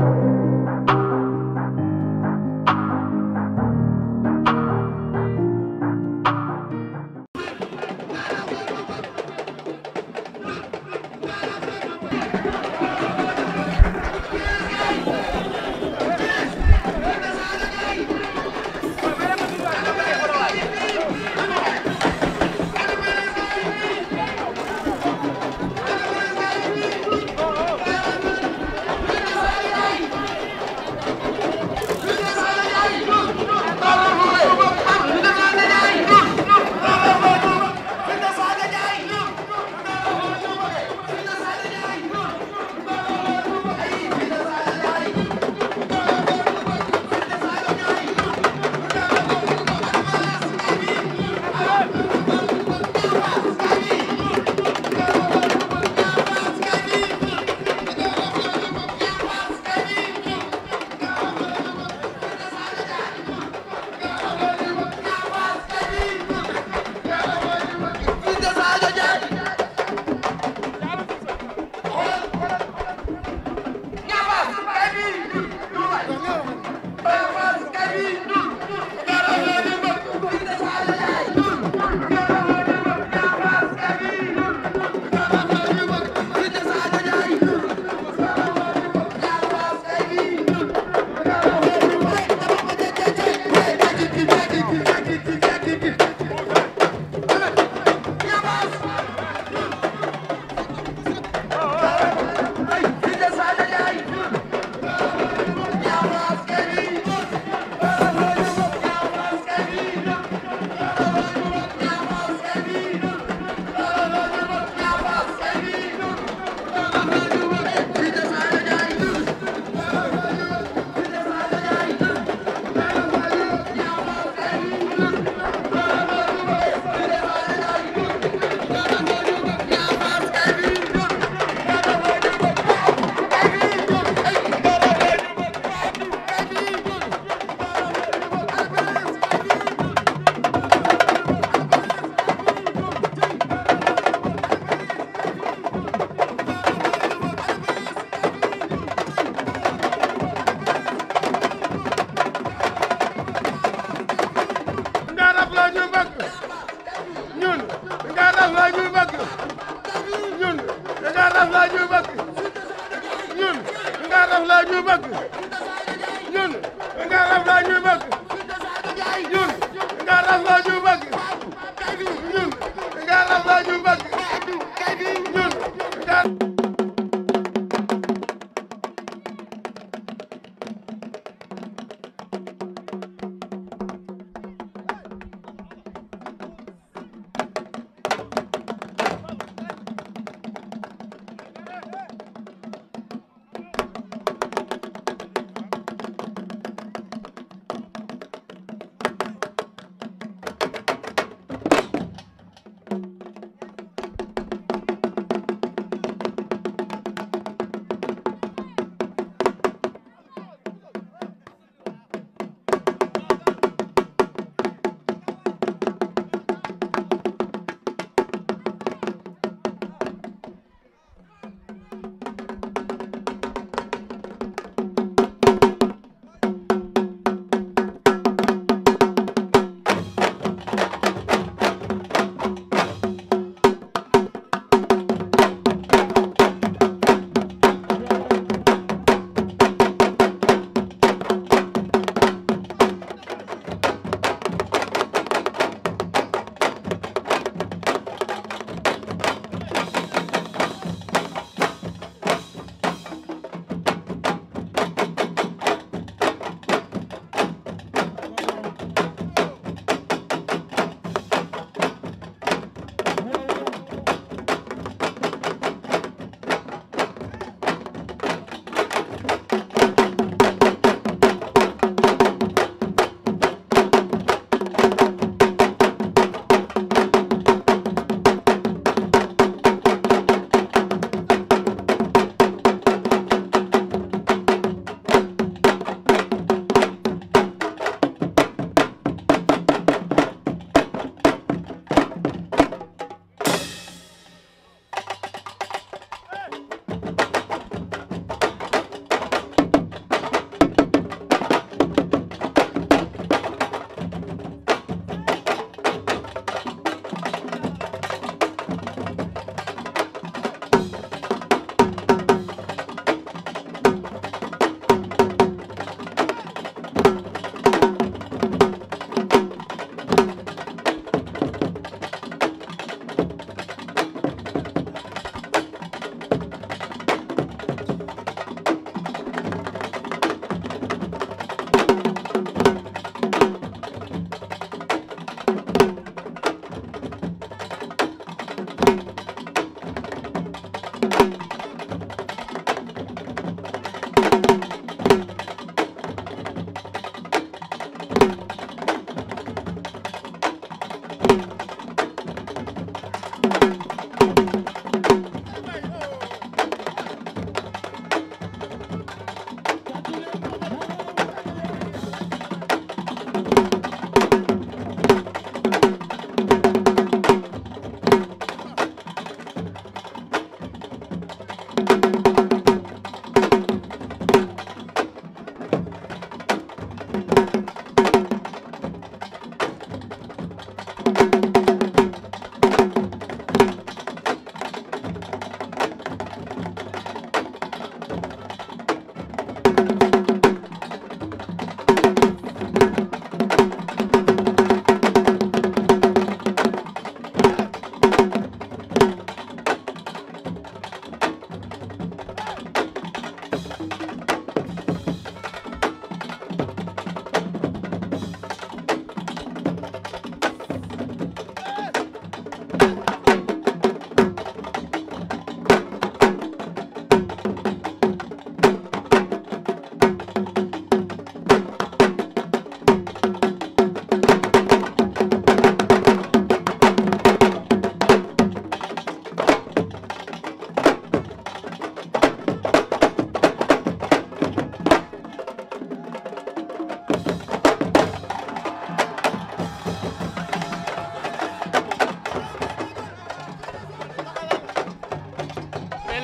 Thank you.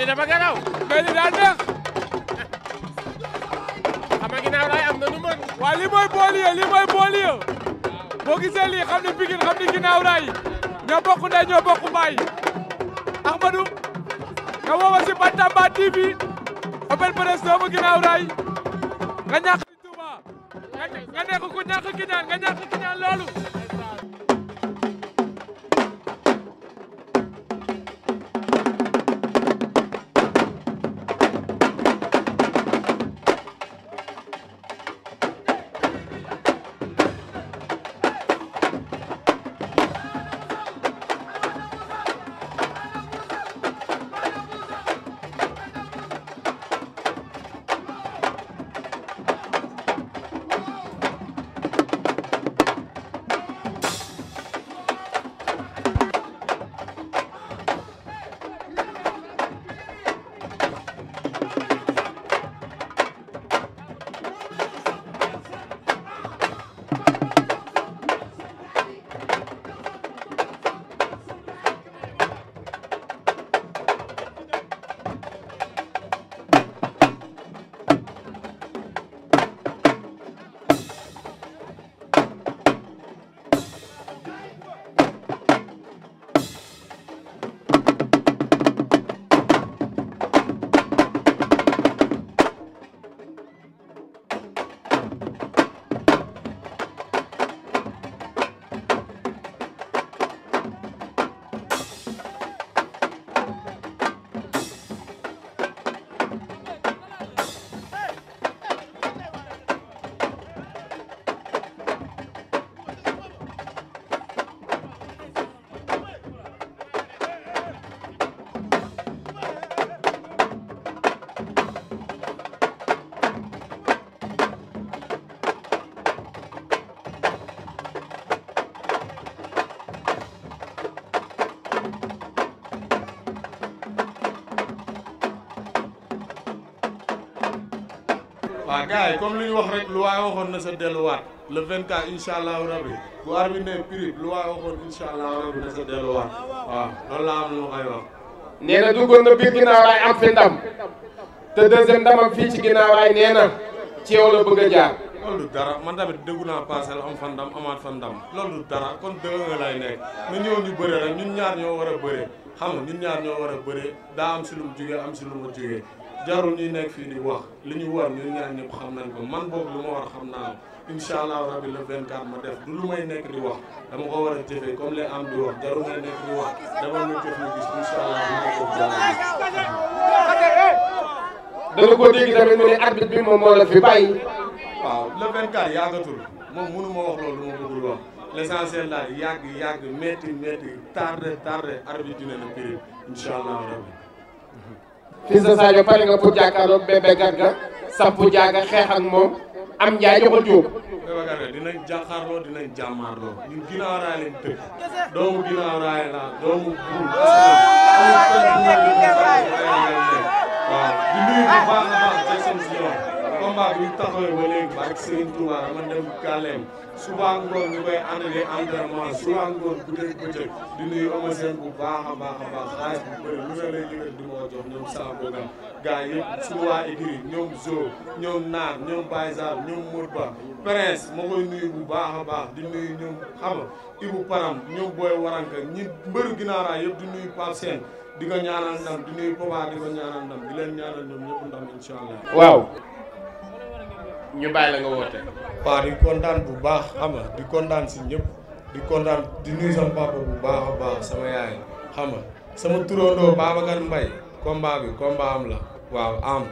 li dafa garaw. mais li daal neex. xam nga ginnaaw raay am na nu mën. waaw li mooy booliyo li mooy booliyo. boo gisee lii xam ne Pikine xam ne ginnaaw raay ñoo bokk ndey ñoo bokk baay. Ahmadou. nga woowa si Bantamba TV. Open Presse doomu ginnaaw raay. nga ñàkk Touba. nga nekk ku ñàkk ki ñaan nga ñàkk ki ñaan loolu. waaw ah, ah, gars yi comme li ñu wax rek lu waay waxoon na sa delluwaat le 24 incha allahu rabi bu arbitre ne prib lu waay waxoon incha allahu rabi na sa delluwaat waaw loolu laa am lu ma koy wax. nee na duggoon na biir ginnaaw am fi ndam te deuxième ndamam fii ci ginnaaw raay nee na ci yow la bëgg a jaar. loolu dara man tamit déggu naa paasal am fan ndam amaat fan ndam loolu dara kon dëgg nga lay nekk na ñëw ñu bëre rek ñun ñaar ñoo war a bëre xam nga ñun ñaar ñoo war a bëre daa si lu mu jugee am si lu jarul ñuy nekk fii di wax li ñu war ñun ñaar ñëpp xam nañ ko man boobu lu ma war xam naa ko incha allah rabi le 24 ma def du lu may nekk di wax dama ko war a jëfee comme les am dégg tamit mu ne arbitre bi moom moo la fi bàyyi. waaw le 24 yàggatul moom mënu ma wax loolu lu ma bëggul wax. l'essentiel daal yàgg yàgg métti métti tardé tardé arbitre dina la périm incha allah rabi. fils de Sadio pare nga pour jàkkaarloog Bébé Garga samp jaaga xeex ak moom am njaay joxul jóob. Bébé Garga dinañ jàkkaarloo dinañ jàmmaarloo raay lañ tëj doomu ginnaaw raay la doomu buur. waaw di nuyu bu baax combat bi ñu taxawee ba léegi ba ak Serigne Touba dama dem Kaleem suba ngoon ñu koy àndale entraînement suba ngoon guddeeg bëccëg di nuyu Eumeu Sène bu baax a baax a baax xaalis bu bëri lu ne lay yëgal di ma jox ñoom saa boogam gaa yëpp suñu waa écurie ñoom Zo ñoom Naar ñoom Baye Zab ñoom Mour Ba Prince ma koy nuyu bu baax a baax di nuyu ñoom xama Ibu Param ñoom Boy Waranka ñi mbëru ginaaraa yëpp di nuyu Pape Sène di ko ñaanal ndam di nuyu Papa di ko ñaanal ndam di leen ñaanal ñoom ñëpp ndam incha allah waaw ñu bàyyi la nga woote. waaw di kontaan bu baax xam nga di kontaan si ñëpp di kontaan di nuyu sama bu baax a baax sama yaay xam nga sama turandoo Babacar Mbaye combat bi combat am la waaw am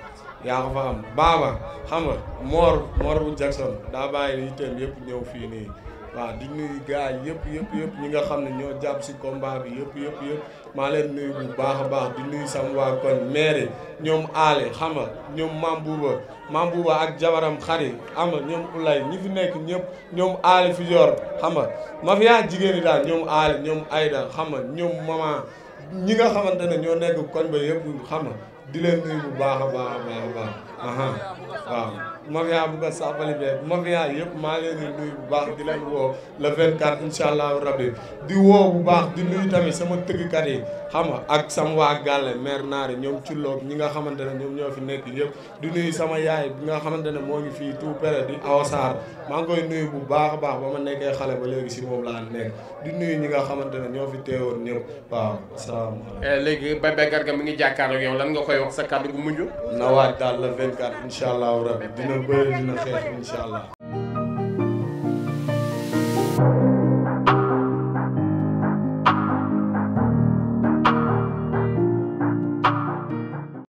yaa ko fa am baaba xam nga Mor Mor bu Jackson daa bàyyi yitteem yëpp ñëw fii nii. waaw di nuyu gars yi yëpp yëpp yëpp ñi nga xam ne ñoo jàpp si combat bi yëpp yëpp maa leen nuyu bu baax a baax di nuyu sama waa koñ maire ñoom aale xama ñoom mambuuba mambuuba ak jabaram xari ama ñoom ulay ñi fi nekk ñëpp ñoom aale fi yor xama ma fi yaa jigéen ñi daal ñoom aale ñoom ayda xama ñoom mama ñi nga xamante ne ñoo nekk koñ ba yëpp xama di leen nuyu bu baax a baax a baax a baax waaw mafia bu ko saafali bee mafia yëpp maa leen di nuyu bu baax di leen woo le 24 incha allahu rabbi di woo bu baax di nuyu tamit sama tëggkat yi xam nga ak sama waa gàlle maire naari ñoom culloog ñi nga xamante ne ñoom ñoo fi nekk yëpp di nuyu sama yaay bi nga xamante ne moo ngi fii tout période di awasaar maa ngi koy nuyu bu baax a baax ba ma nekkee xale ba léegi si moom laa nekk di nuyu ñi nga xamante ne ñoo fi teewoon ñëpp waaw salaamaaleykum eh, léegi Bébé Garga mi ngi jàkkaarloo yow lan nga koy koy wax sa kàddu gu mujj. na waaj daal le 24 inshallah allahu dina bëri dina xeex